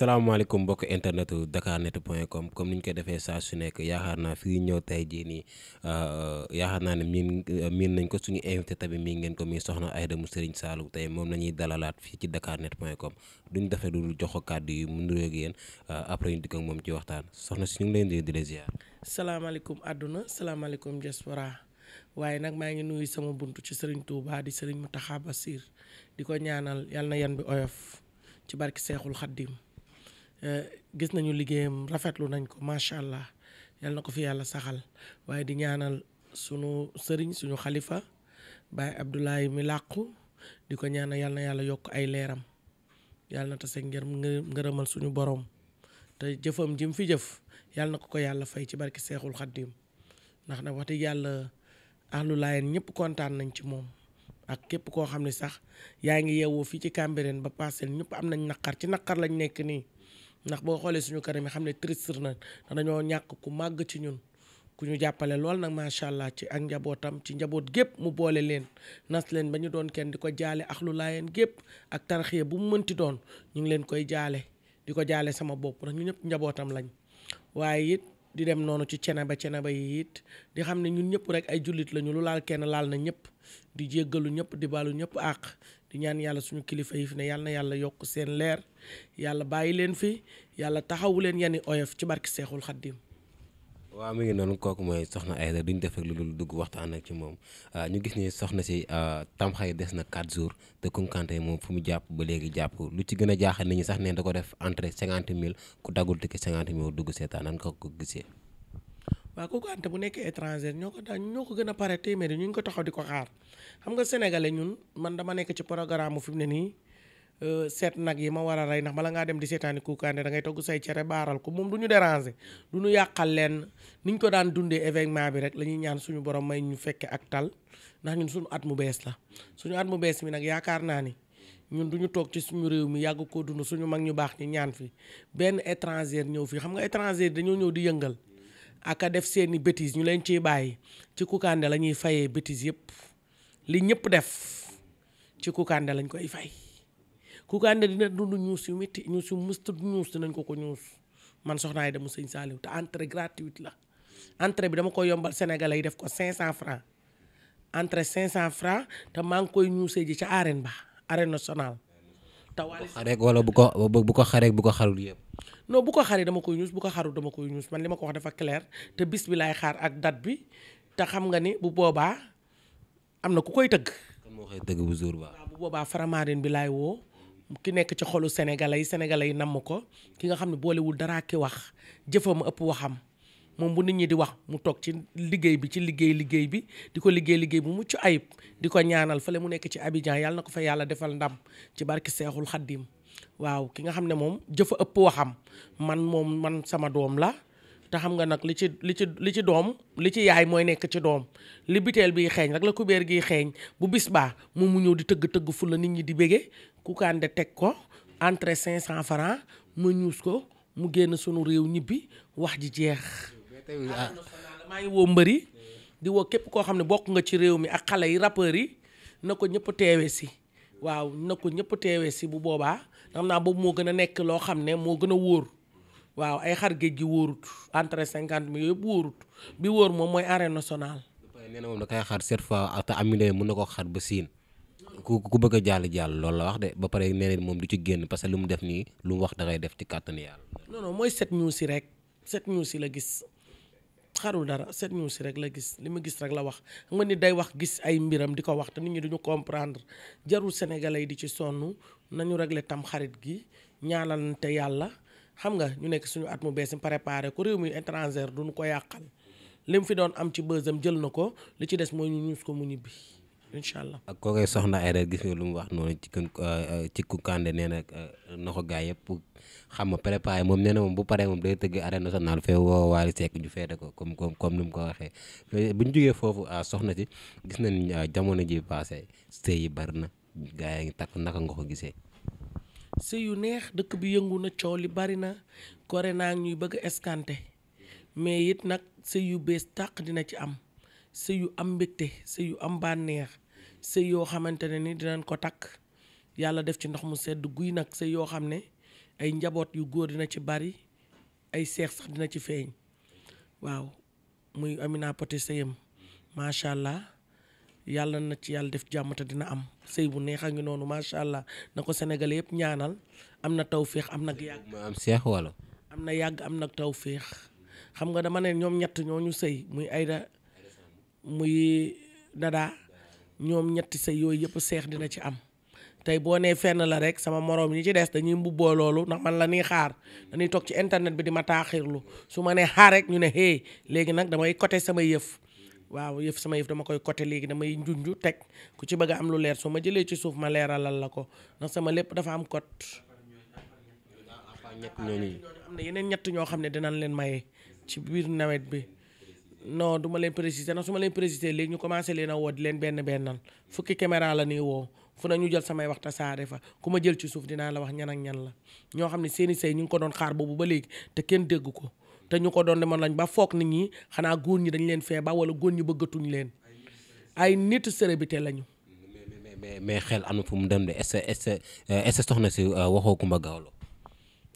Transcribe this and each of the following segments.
salaamaaleykum mbokk internet dakarnet.com comme ni ñu koy defee saa su nekk yaakaar naa fii ñëw tey jii nii euh, yaakaar naa ne miin miin nañ ko suñu invité tamit mii ngeen ko muy soxna Aida mu Serigne Saliou tey moom la ñuy dalalaat fii ci dakarnet.com duñ defee lu jox ko kàddu yi mu nuyoog yéen euh, après ñu dikk moom ci waxtaan soxna si ñu ngi leen di di la ziar. salaamaaleykum àdduna salaamaaleykum diaspora waaye nag maa ngi nuyu sama buntu ci Serigne Touba di Serigne Mountakha Bassir di ko ñaanal yàlla yan bi oyof ci barki Seexul Xaddim Eh, gis nañu liggéeyam rafetlu nañ ko macha allah yal na ko fi yàlla saxal waaye di ñaanal suñu sëriñ suñu xalifa Baye Abdoulaye mi làqu di ko ñaanal yal na yàlla yokk ay leeram yal na tase ngërëm ngërëmal suñu borom te jëfam jim fi jëf yal na ko ko yàlla fay ci barki seexul xaddim ndax na wax dëgg yàlla ahlu laayeen ñëpp kontaan nañ ci moom ak képp koo xam ne sax yaa ngi yeewoo fii ci Cambérène ba paaseel ñëpp am nañ naqar ci naqar lañ nekk nii ndax boo xoolee suñu kanam yi xam ne triste na ndax dañoo ñàkk ku màgg ci ñun ku ñu jàppale lool nag macha allah ci ak njabootam ci njaboot gépp mu boole leen nas leen ba ñu doon kenn di ko jaale ak lu laayeen gépp ak tarxiya bu mu mënti doon ñu ngi leen koy jaale di ko jaale sama bopp ndax ñu ñëpp njabootam lañ waaye it di dem noonu ci cene ba cene ba yi it di xam ne ñun ñëpp rek ay jullit lañu lu laal kenn laal na ñëpp di jéggalu ñëpp di baalu ñëpp àq di ñaan yàlla suñu kilifa yi fi ne yàlla na yàlla yokk seen leer yàlla bàyyi leen fi yàlla taxawu leen yani oyof ci barki seexul xaddim waaw mi ngi noonu kooku mooy soxna Aida duñ def rek lu dul dugg waxtaan ak ci moom ah, ñu gis ni soxna si ah, tamxay des na 4 jours te Kounkandé moom fu mu jàpp ba léegi jàpp lu ci gën a jaaxal nit ñi sax ne da ko def entrée 50 000 ku daggul tikki 50 000 dugg seetaan nan ko ko gisee. waaw kooku Anta bu nekkee étranger ñoo ko daan ñoo ko gën a pare téeméeri ñu ngi ko taxaw di ko xaar xam nga sénégalais ñun man dama nekk ci programme mu mu ne nii euh, seet nag yi ma war a rey ndax bala ngaa dem di seetaani kuukaande da ngay togg say cere baaral ko moom du ñu déranger du ñu yàqal leen ni ñu ko daan dundee événement bi rek la ñuy ñaan suñu borom may ñu fekke ak tal ndax ñun suñu at mu bees la suñu at mu bees mi nag yaakaar naa ni ñun duñu ñu toog ci suñu réew mi yàgg koo dund suñu mag ñu ñi ñaan fi benn étranger ñëw fii xam nga étranger dañoo ñëw di yëngal ak def seeni bêtises ñu leen ci bàyyi ci Kounkandé la ñuy fayee bêtises yëpp li ñëpp def ci Kounkandé lañ koy fay Kounkandé dina dund ñuus yu métti ñuus yu mësta ñuus dinañ ko ko ñuus man soxnaay demu sëñ Saliou te entrée gratuite la entrée bi dama koy yombal Sénégalais yi def ko cinq 500 francs entrée cent francs te maa ngi koy ñuusee ji ca arène ba arène national tawaale bu ko bu ko bu ko xareeg bu ko xarul yëpp. non bu ko xaree dama koy ñuus bu ko xarul dama koy ñuus man li ma ko wax dafa clair te bis bi laay xaar ak dat bi te xam nga ni bu boobaa am na ku koy tëgg. kan tëgg bu jour ba. bu boobaa faramaareen bi laay woo. ki nekk ci xolu sénégalais yi sénégalais yi namm ko ki nga xam ne boolewul daraa ki wax jëfam ëpp waxam. moom bu nit ñi di wax mu toog ci liggéey bi ci liggéey liggéey bi di ko liggéey liggéey bu mucc ayib di ko ñaanal fa fële mu nekk ci Abidjan yàlla na ko fa yàlla defal ndam ci barki Seexul Xaddim waaw ki nga xam ne moom jëfa ëpp waxam man moom man sama doom la te xam nga nag li ci li ci li ci doom li ci yaay mooy nekk ci doom li biteel bi xeeñ rek la kubéer gi xeeñ bu bis baa moom mu ñëw di tëgg tëgg fu nit ñi di bége ku teg ko entre 500 francs ma ñuus ko mu génn sunu réew ñibbi wax ji jeex Ah. maa ngi woo mbëri di woo képp koo xam ne bokk nga ci réew mi ak xale yi rappeurs yi na ko ñëpp teewe si waaw na ko ñëpp teewee si bu boobaa xam naa boobu moo gën a nekk loo xam ne moo gën a wóor waaw ay xar géej gi wóorut entre cinquante mille yëpp wóorut bi wóor moom mooy arène nationale. nee na moom da kay xaar sept fois ah, te amile mën na ko xaar ba siin. ku ku bëgg a jàll jàll loolu la wax de ba pare nee na moom du ci génn parce que lu mu def nii lu mu wax da ngay def ci kàttan xarul dara set news rek la gis li ma gis rek la wax xam nga ni day wax gis ay mbiram di ko wax te nit ñi duñu comprendre jarul sénégalais di ci sonn nañu régler tam xarit gi ñaanal te yàlla xam nga ñu nekk suñu at mu bees mi préparé ko réew mi étranger duñu ko yàqal li mu fi doon am ci bësam jël na ko li ci des mooy ñu ñuus ko mu ñibbi. incha allah ak koo koy soxna Aida gis nga lu mu wax noonu ci kan euh, euh, ci ku Kande nee na noxo euh, gaa yëpp xam ma préparé moom nee na moom bu paree moom day tëgg arène nationale fee woo Waly Seck ñu feete ko comme comme comme ni mu ko waxee bu ñu jógee foofu soxna si gis nañ jamono ji passé sëy yi bari na gaa yaa ngi takk naka nga ko gisee. sëy yu neex dëkk bi yëngu na coow li bari na kore naa ñuy bëgg a mais it nag sëy yu bees tàq dina ci am sëy yu am mbégte sëy yu am bànneex sëy yoo xamante ne ni dinañ ko takk yàlla def ci ndox mu sedd guy nag sëy yoo xam ne ay njaboot yu góor dina ci bari ay seex sax dina ci feeñ waaw muy Amina Poté sëyam macha allah yàlla na ci yàlla def jàmm te dina am sëy bu neex a ngi noonu macha allah na ko Sénégalais yëpp ñaanal am na tawféex am nag yàgg. am seex wala. am na yàgg am na tawféex xam nga dama ne ñoom ñett ñoo ñu sëy muy Aïda muy Dada. ñoom ñetti sa yooyu yëpp seex dina ci am tey boo nee fenn la rek sama moroom ñi ci des dañuy mbubboo loolu ndax man la nii xaar dañuy toog ci internet bi di ma taaxirlu su ma nee xaar rek ñu ne hey léegi nag damay côté sama yëf waaw yëf sama yëf dama koy côté léegi damay ju teg ku ci bëgg am lu leer su ma jëlee ci suuf ma leeralal la ko ndax sama lépp dafa am cote. am na yeneen ñett ñoo xam ne dinañ leen maye ci biir nawet bi. non duma leen préciser nag su ma leen préciser léegi ñu commencé leen a woo di leen benn bennal fukki caméra la nii woo fu na ñu jël samay waxta saare fa ku ma jël ci suuf dinaa la wax ñan ak ñan la ñoo xam ne seeni sëy ñu ngi ko doon xaar boobu ba léegi te kenn dégg ko te ñu ko doon demoon lañ ba foog nit ñi xanaa góor ñi dañ leen fee ba wala góor ñi bëggatuñ leen ay nit célébrité lañu. mais mais xel am na fu mu dem de est euh, si euh, waxoo Kumba Gawlo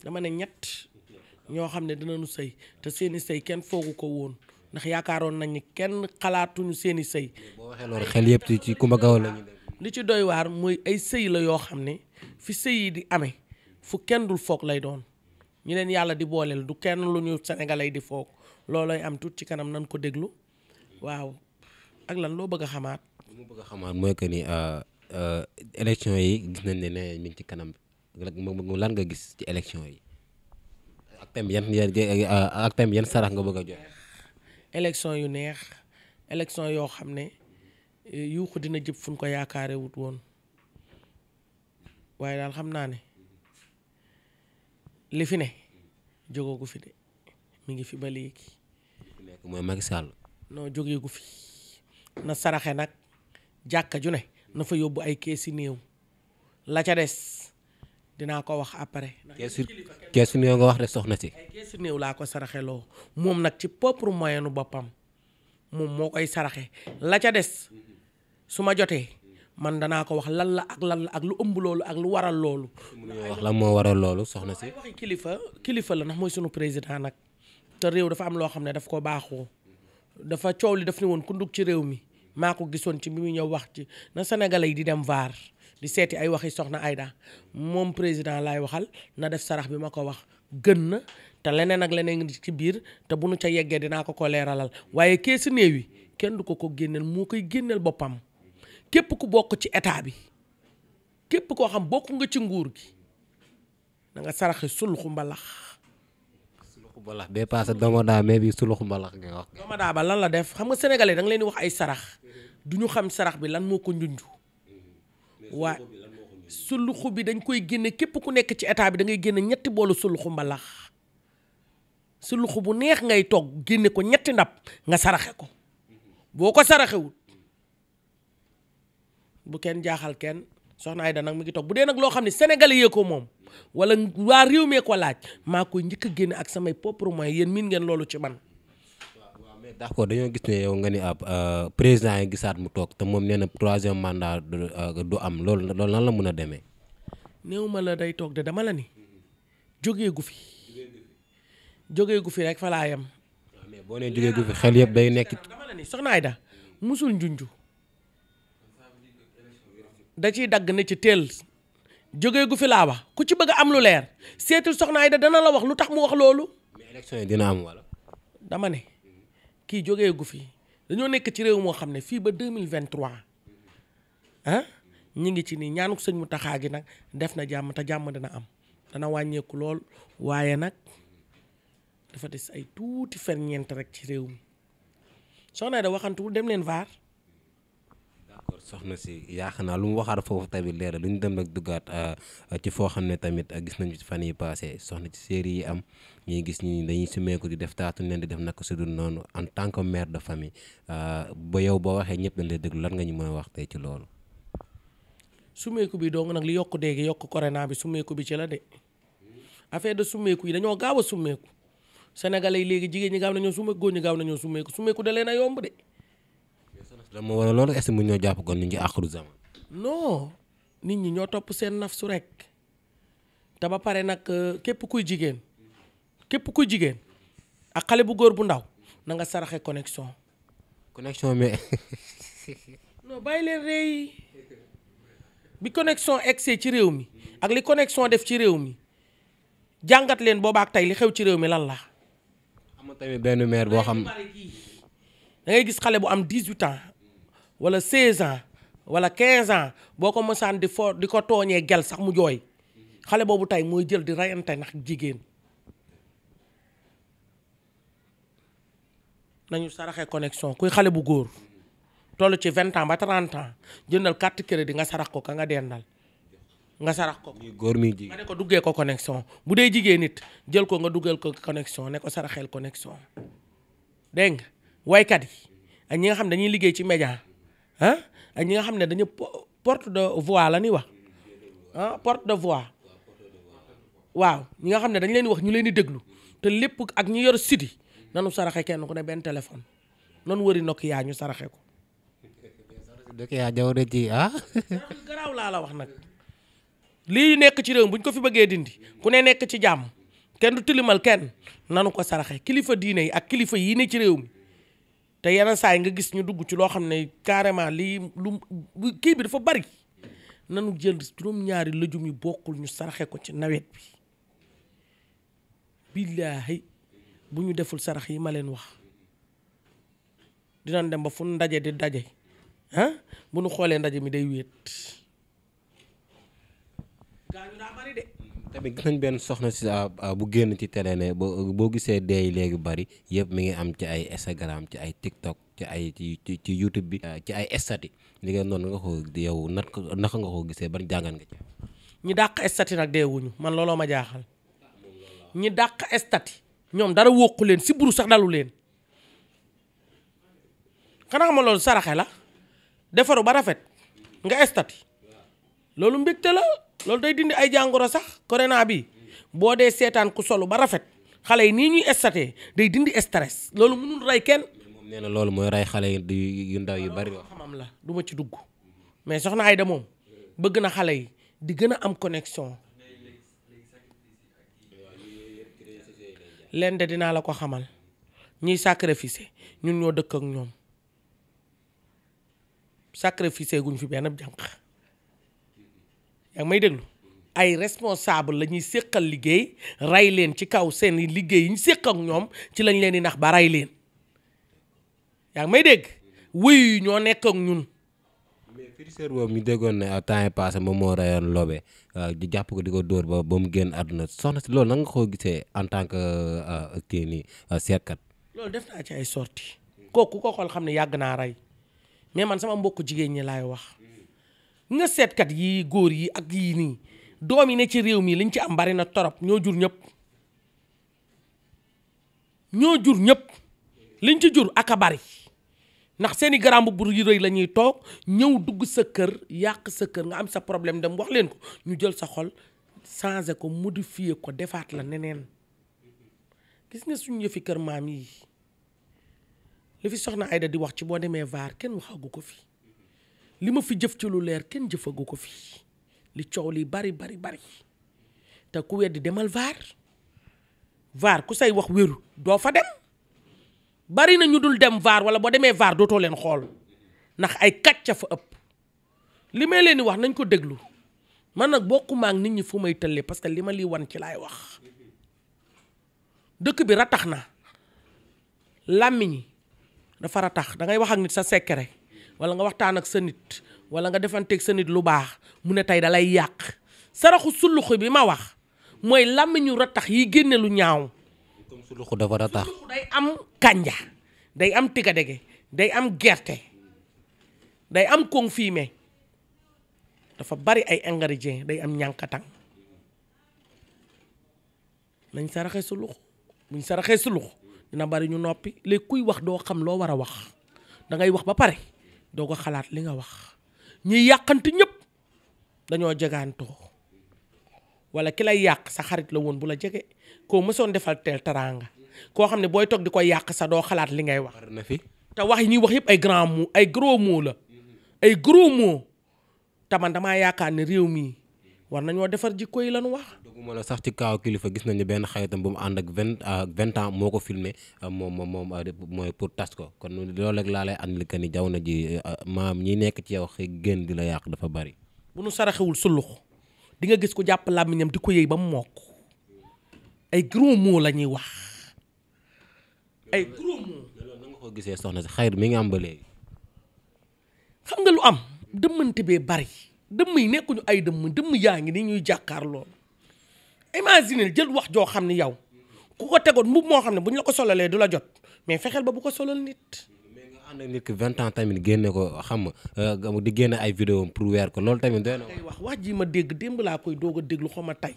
dama ne ñett ñoo xam ne dinañu sëy te seeni sëy kenn foogu ko woon. ndax yaakaaroon nañ ni kenn xalaatuñu seeni i sëy. boo waxee loolu xel yëpp ci ci Coumba Gawlo dem li ci doy waar mooy ay sëy la yoo xam ne fi sëy yi di amee fu kenn dul foog lay doon ñu leen yàlla di booleel du kenn lu ñu sénégalais di foog loolooy am tuuti ci kanam nan ko déglu waaw ak lan loo bëgg xamaat. mu bëgg a xamaat mooy que ni euh, euh, élection yi gis nañ ne ne mi ngi ci kanam lan nga gis ci élection yi. ak thème yan yan ak thème yan sarax nga bëgg a joxe. élection yu neex élection yoo xam ne eh, yuuxu dina jëp fu ko yaakaare wut woon waaye daal xam naa ne li fi ne jógoogu fi de mi ngi fi ba léegi. mooy Macky Sall. fi na saraxe nag jàkka ju ne na fa yóbbu ay keesi néew la ca des. dinaa ko wax après. keesu keesu néew nga wax rek soxna si. ay keesu néew laa ko saraxeloo moom nag ci propre moyenu boppam moom moo koy saraxe la ca des su ma jotee man danaa ko wax lan la ak lan la ak lu ëmb loolu ak lu waral loolu. wax lan moo waral loolu soxna si. kilifa kilifa la ndax mooy sunu président nag te réew dafa am loo xam ne daf ko baaxoo dafa coow li daf ne woon ku ci réew mi maa ko gisoon ci bi mu ñëw wax ci na Sénégalais yi di dem vaar. di seeti ay waxi soxna Aida moom président laay waxal na def sarax bi ma ko wax gën na te leneen ak leneen ci biir te bu nu ca yeggee dinaa ko ko leeralal waaye keesu néew yi kenn du ko ko génneel moo koy génneel boppam képp ku bokk ci état bi képp koo xam bokk nga ci nguur gi na nga saraxi suluxu mbalax suluxu mbalax bee paase domodaa mais bi suluxu mbalax nga wax domodaa ba lan la def xam nga sénégalais da leen di wax ay sarax du ñu xam sarax bi lan moo ko njunju waa suluxu bi dañ koy génne képp ku nekk ci état bi da ngay génne ñetti boolu suluxu mbalax suluxu bu neex ngay togg génne ko ñetti ndab nga saraxe ko boo ko saraxewut bu kenn jaaxal kenn soxna Aida nag mu ngi toog bu dee nag loo xam ne sénégalais yee ko moom wala waa réew mee ko laaj maa koy njëkk a génne ak samay pour moyens yéen miin ngeen loolu ci man mais d'accord dañoo gis ne yow nga ni ab euh, président yi gisaat mu toog te moom nee na troisième mandat du euh, am loolu loolu lan la mën a demee. néew ma la day toog de dama la ni jógee gu fi jógee gu fi rek falaayam ah, boo nee jógee gu fi xel yëpp day nekk. dama la ni soxna Aida njunju da ciy dagg ne ci teel jógee gu fi laa wax ku ci bëgg am lu leer seetul soxna Aida dana la wax lu tax mu wax loolu. mais yi dina am wala. dama ne. kii jógee gu fi dañoo nekk ci réew moo xam ne fii ba deux mille vingt trois ah ñu ngi ci nii ñaanu sëñ mu taxaa gi nag def na jàmm te jàmm dina am dana wàññeeku lool waaye nag dafa des ay tuuti ñeent rek ci réew mi soxna da waxantuwul dem leen vaar. soxna si yaakaar naa lu mu waxaat foofu tamit leeral lu ñu dem nag duggaat euh, euh, ci foo xam ne tamit euh, gis nañu fan yi passé soxna ci série yi am ñuy gis ñi dañuy sumeeku di def taatu leen di def naka ko dul noonu en tant que mère de famille ba yow boo waxee ñëpp dañ lay déglu lan nga ñu mën a wax tey ci loolu. bi dong nag li yokk dee yokk yokk corona bi summeeku bi ci la de affaire de sumeeku yi dañoo gaaw a sumeeku sénégalais yi léegi jigéen ñi gaaw nañoo sumeeku góor ñi gaaw nañoo sumeeku summeeku da leen a yomb de. la moo waral loolu est mu ñoo jàpp ko ñu ngi àxiru zaman nit ñi ñoo topp seen nafsu rek te ba pare nag euh, képp kuy jigéen képp ku jigéen ak xale bu góor bu ndaw na nga saraxe connexion. connexion mais. non bàyyi leen rëy bi connexion egsee ci réew mi ak li connexion def ci réew mi jàngat leen boobaak tey li xew ci réew mi lan la. am tamit benn maire boo xam. da ngay gis xale bu am 18 ans wala 16 ans wala 15 ans boo ko mësaan di foo di ko tooñee gel sax mu jooy xale boobu tey mooy jël di reyante ndax jigéen nañu saraxee connexion kuy xale bu góor toll ci 20 ans ba 30 ans jëndal carte crédit nga sarax ko ka nga dendal nga sarax ko. góor mi jigéen nga ne ko duggee ko connexion bu dee jigéen nit jël ko nga duggal ko connexion ne ko saraxeel connexion dégg nga waykat yi ak ñi nga xam dañuy liggéey ci média ak ñi nga xam ne dañu porte de voix la ñuy wax ah, porte de voix waaw ñi nga xam ne dañ leen wax ñu leen di déglu te lépp ak ñu yor siti nanu saraxe kenn ku ne benn téléphone noonu wëri yaa ñu saraxe ko. Nokia jaww ah. garaaw laa la wax nag lii nekk ci réew buñ ko fi bëggee dindi ku ne nekk ci jàmm kenn du tilimal kenn nanu ko saraxe kilifa diine yi ak kilifa yii ni ci réew mi te yenn saa yi nga gis ñu dugg ci loo xam ne carrément lii lu kii bi dafa bari nanu jël juróom-ñaari lëjum yi bokkul ñu saraxe ko ci nawet bi billaahi bu ñu deful sarax yi ma leen wax dinan dem ba fu ndaje di daje ah mu nu xoolee ndaje mi day wéet tamit gis nañ benn soxna si ah, ah, bu génn ci télé ne boo gisee dee yi léegi bari yëpp mi ngi am ci ay Instagram ci ay TikTok ci ay ci ci YouTube bi. Ah, ci ay estati li ngeen noonu nga ko yow nat ko naka nga ko gisee ban jàngan nga ci. ñi dàq estati nag deewuñu man looloo ma jaaxal ñi dàq estati ñoom dara wóqu leen si buru sax dalu leen xanaa xam loolu saraxe la defaru ba rafet nga estati loolu mbégte la. loolu day dindi ay jàngoro sax corona bi boo dee seetaan ku solo ba rafet xale yi nii ñuy statee day dindi stress loolu mënul rey kenn. moom nee loolu mooy rey xale yi yu ndaw yu bari. xamam la du ma ci dugg mais soxna Aida moom bëgg na xale yi di gën a am connexion. leen de dinaa la ko xamal ñiy sacrifice ñun ñoo dëkk ak ñoom sacrifice guñ fi benn jànq. yaa ngi may déglu ay responsable lañuy ñuy séqal liggéey rey leen ci kaw seen liggéey yi ñu séq ak ñoom ci lañ leen di nax ba rey leen yaa may dégg wuyu ñoo nekk ñun. mais boobu ñu déggoon ne ah, temps yii passé moom moo reyoon loobe di jàpp ko di ko dóor ba ba mu génn àdduna soxna si loolu nan nga ko gisee en tant que euh, kii nii euh, seetkat. loolu def naa ci ay sorti kooku ko xool xam ne yàgg naa rey mais man sama mbokk jigéen ñi laay wax. na seetkat yi góor yi ak yii nii doom yi ne ci réew mi liñ ci am bari na torop ñoo jur ñëpp ñoo jur ñëpp liñ ci jur ak a bari ndax seeni garambu bu yu rëy la toog ñëw dugg sa kër yàq sa kër nga am sa problème dem wax leen ko ñu jël sa xol changer ko modifier ko defaat la neneen gis nga suñ yëfi kër maam yi li fi soxna Aida di wax ci boo demee vaar kenn waxagu ko fii li ma fi jëf ci lu leer kenn jëfagu ko fi li coow li bari bari bari te ku weddi demal vaar vaar ku say wax wéru doo fa dem bari na ñu dul dem vaar wala boo demee vaar dootoo leen xool ndax ay kàcca fa ëpp li may leen di wax nañ ko déglu man nag bokkuma ak nit ñi fu may tëllee parce que li ma lii wan ci laay wax dëkk bi ratax na làmmiñ dafa ratax da ngay wax ak nit sa secret wala nga waxtaan ak sa nit wala nga defanteeg sa nit lu baax mu ne tey dalay yàq saraxu sulluxu bi ma wax mooy làmmiñu rattax yi génne lu ñaaw. comme sulluxu dafa rattax sulluxu day am kànja day am tigadege day am gerte day am confirmé dafa bari ay ingrédients day am ñànkatang nañ saraxee sulluxu muñ saraxee sulluxu dina bari ñu noppi léegi kuy wax doo xam loo war a wax dangay wax ba pare. doo ko xalaat li nga wax ñi yàqante ñëpp dañoo jegaantoo wala ki lay yàq sa xarit la woon bu la jege koo mësoon defal teel teraanga koo xam ne booy togg di ko yàq sa doo xalaat li ngay wax. na fi te wax yi ñuy wax yëpp ay grand mot ay gros mot la ay gros mot te damaa yaakaar ne réew mi war nañoo defar jikko yi lañu wax. dëgguma la sax ci kaaw kilifa gis nañu benn xaritam bu mu ànd ak vingt euh, vingt ans moo ko filmé euh, moom moom moom euh, mooy pour tas ko kon lool rek laa lay andil que ni jaw na ji maam ñi nekk ci yow xëy génn di la yàq dafa bari. bu nu saraxewul sulux di nga gis ko jàpp làmmiñam di ko yëy ba mu mokk ay gros mots la ñuy wax ay gros mots. ko gisee soxna si xayir mi ngi am ba léegi. xam nga lu am dëmmante bee bari. dëmm yi nekkuñu ay dëmm dëmm yaa ngi ni ñuy jàkkaar lool imagine jël wax joo xam ni yow ku ko tegoon mbubb moo xam ne bu ñu la ko solalee du la jot mais fexeel ba bu ko solal nit. mais nga ànd ak nit tamit génne ko xam nga euh, di génne ay vidéo pour weer ko loolu tamit doy na. wax wax ji ma dégg démb laa koy doog a déglu xaw ma tey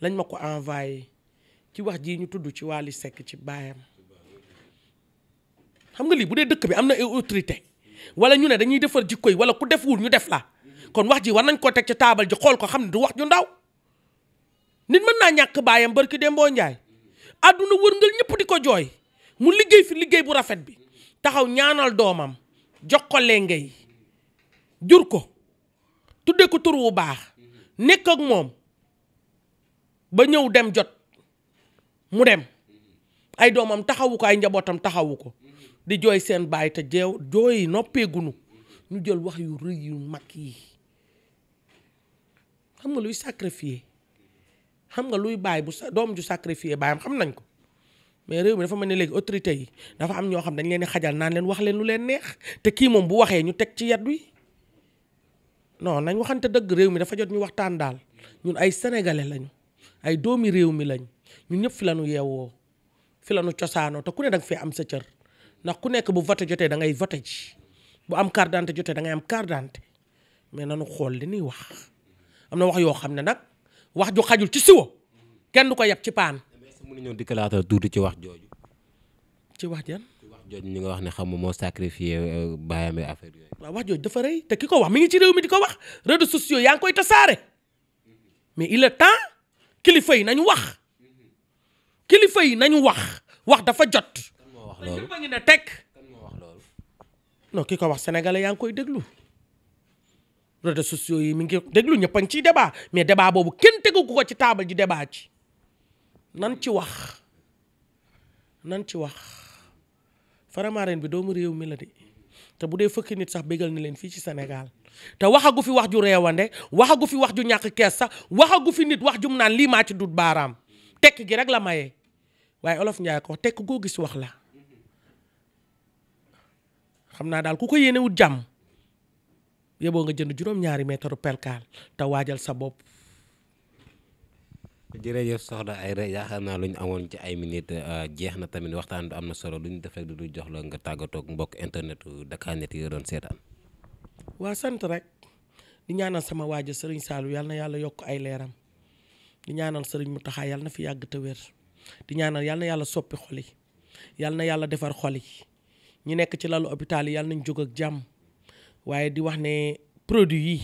lañ ma ko envoyé ci wax jii ñu tudd ci Wally sekk ci baayam xam nga lii bu dee dëkk bi am na ay autorité wala ñu ne dañuy defar jikko yi wala ku def ñu def la kon wax ji war nañ koo teg ci taabal ji xool ko xam ne du wax ju ndaw nit mën naa ñàkk baayam barki Dembo Njaay àdduna wërngal ñëpp di ko jooy mu liggéey fi liggéey bu rafet bi taxaw ñaanal doomam jox ko lenge yi jur ko tuddee ko tur wu baax nekk moom ba ñëw dem jot mu dem ay doomam taxawu ko ay njabootam taxawu ko di jooy seen baay te jeew jooy yi noppeegunu ñu jël wax yu rëy yu mag yi xam nga luy sacrifier xam nga luy baay bu sa doom ju sacrifier baayam xam nañ ko mais réew mi dafa mel ne léegi autorité yi dafa am ñoo xam dañ leen di xajal naa leen wax leen lu leen neex te kii moom bu waxee ñu teg ci yat wi non nañ waxante dëgg réew mi dafa jot ñu waxtaan daal ñun ay sénégalais lañu ay doomi réew mi lañ ñun ñëpp fi la ñu yeewoo fi la ñu cosaanoo te ku ne da nga fee am sa cër ndax ku nekk bu vote jotee da ngay vote ji bu am carte d'identité jotee da am carte d'identité mais nanu xool li ñuy wax. am na wax yoo xam ne nag wax ju xajul ci siwo kenn du ko yeb ci paan. mën nañoo dikkalaata tuuti ci wax jooju. ci wax jan wax jooju ñu nga wax ne xam nga moo sacrifié euh, baayam affaire yooyu. waaw wax jooju dafa rëy te ki ko wax mi ngi ci réew mi di ko wax réseaux sociaux yaa ngi koy tasaare mais il est temps kilifa yi nañu wax kilifa yi nañu wax wax dafa jot. kan moo wax loolu ngi ne teg. wax loolu. ki ko wax sénégalais yaa ngi koy déglu. réseaux sociaux yi mi ngi déglu ñëpp a ngi ciy débat mais débat boobu kenn tegu ko ci taabal ji débat ci nan ci wax nan ci wax Faramareen bi doomu réew mi la de te bu dee fukki nit sax bégal na leen fii ci senegal te waxagu fi wax ju reewande waxagu fi wax ju ñàkk kees sax waxagu fi nit wax jum naan lii maa ci dut baaraam tekk gi rek la maye waaye olof Njaay ko tekk goo gis wax la xam naa daal ku ko yéenewut jàmm yeboo nga jënd juróom-ñaari meetaru perkaal te waajal sa bopp. jërëjëf soxna Aida yaakaar naa lu ñu amoon ci ay minutes euh, jeex na tamit waxtaan bi am na solo lu ñu def rek du jox la nga tàggatook mbokk internetu Dakarnet yi doon seetaan. waa sant rek di ñaanal sama waaja sëriñ Saalu yal na yàlla yokk ay leeram di ñaanal sëriñ Mountakha yal na fi yàgg te di ñaanal yal na yàlla soppi xol yal na yàlla defar xol ñu nekk ci lalu hôpital yi nañ jóg ak jàmm. waaye di wax ne produit yi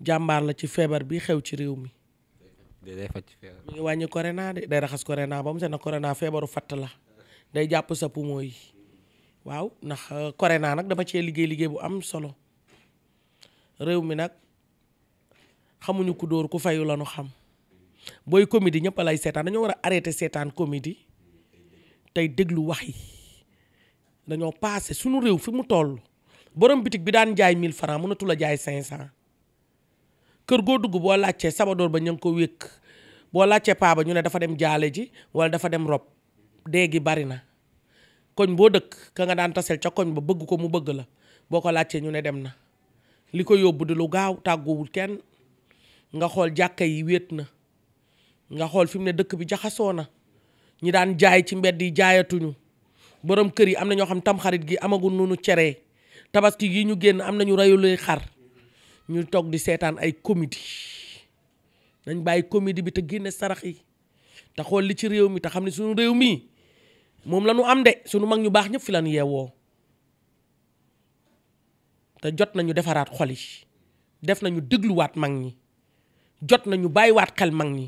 jàmbaar la ci feebar bi xew ci réew mi. day faj feebar mi ngi wàññi corona de day raxas corona ba mu seen corona feebaru fatt la day jàpp sa poumon yi waaw ndax euh, corona nag dafa cee liggéey liggéey bu am solo réew mi nag xamuñu ku dóor ku fayu la nu xam booy comédie ñëpp lay seetaan dañoo war a arrêté seetaan comédie tey déglu wax yi dañoo paase sunu réew fi mu toll. borom bitig bi daan jaay 1000 francs mënatu la jaay 500 kër goo dugg boo laajtee sabadoor ba ña ngi ko wékk boo laajtee paa ba ñu ne dafa dem jaale ji wala dafa dem rob dee gi bari na koñ boo dëkk ka nga daan tasel ca koñ ba bëgg ko mu bëgg la boo ko laajtee ñu ne dem na li ko yóbbu di lu gaaw tàgguwul kenn nga xool jàkka yi wéet na nga xool fi mu ne dëkk bi jaxasoo na ñi daan jaay ci mbedd yi jaayatuñu borom kër yi am na ñoo xam tamxarit gi amagul nunu cere tabaski gi ñu génn am na nañu reyuluy xar ñu toog di seetaan ay comédie nañ bàyyi comédie bi te génne sarax yi te xool li ci réew mi te xam ne suñu réew mii moom la ñu am de suñu mag ñu baax ñëpp fi lan yeewoo te jot nañu defaraat xol yi def nañu dégluwaat mag ñi jot nañu bàyyiwaat xel mag ñi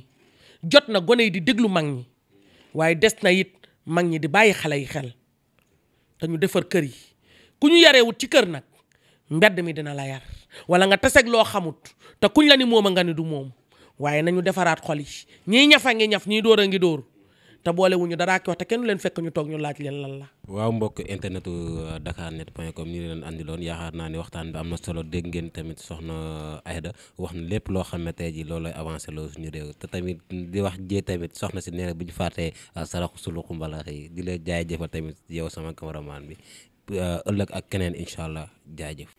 jot na gone yi di déglu mag ñi waaye des na it mag ñi di bàyyi xale yi xel te ñu defar kër yi ku ñu yarewut ci kër nag mbedd mi dina la yar wala nga taseeg loo xamut te kuñ la ni moom a nga ni du moom waaye nañu defaraat xol yi ñii ñafa ngi ñaf ñii dóor a ngi dóor te boole wuñu dara ki wax te kenn leen fekk ñu toog ñu laaj leen lan la. waaw mbokk internetu euh, dakarnet.com ñu leen andiloon yaakaar naa ni waxtaan bi am na solo dégg ngeen tamit soxna Aida wax na lépp loo xam ne tey jii loolooy avancé loo suñu réew te tamit di wax jee tamit soxna si nee bu ñu fàttee euh, saraxu suluxu mbalax yi di la jaay jëfal tamit yow sama cameraman bi ëllëg ak keneen incha allah jaajëf.